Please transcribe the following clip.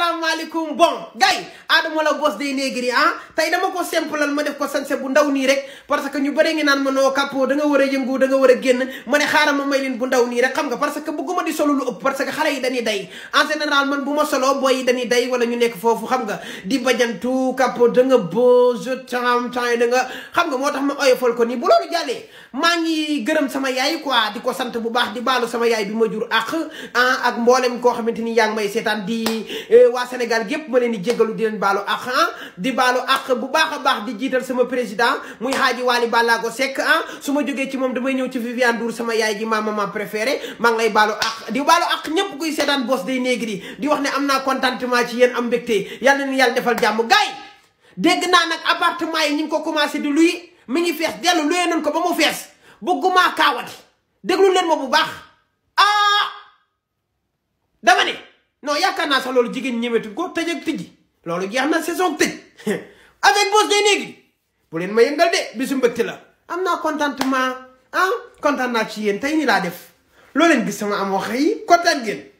assalamu alaikum bon gay adamo la boss day negri ah tay dama ko simple ma def ko sanse bu ndaw ni rek parce que ñu bari ngi nan ma no capo da nga wara yëngu da nga wara genn ma ne xaaral ma may leen bu ndaw ni rek xam nga parce que bëgguma di solo lu upp parce que xalé yi dañuy day en général man buma solo boy yi dañuy day wala ñu nekk fofu xam nga di bajantu capo da nga bo je tam tay da nga xam nga motax ma oyofal ko ni bu lolu ma ngi gëreum sama yaay quoi di sante bu baax di balu sama yaay bi ma jur ak ak mbollem ko xamanteni yaang may setan di eh, waa Sénégal yépp ma leen di jégalu di leen baalu àq ah di baalo àq bu baax a baax di jiital sama président muy Hadji Wali Ballago Seck ah su ma jógee ci moom damay ñëw ci Viviane Ndour sama yaay ji ma maman préférée maa ngi lay baalu àq di baalo àq ñépp kuy seetaan boos Day néegri di wax ne am naa contentement ci yéen am mbégte yàlla na yàlla defal jàmm gaay dégg naa nag appartement yi ñu ngi ko commencé di luy mi ngi fees dellu luyee nañ ko ba mu fees bëgguma kaawati déglu leen ma bu baax non yaakaar naa sax loolu jigéen ñëwetu ko tëj ak tijji loolu jeex na saison tëj avec Boss day néegi bu leen ma yëngal de bisu mbëgte la am naa contentement ah kontaan naa ci yéen tey ni laa def loo leen gis sama amoo xëy kontaan ngeen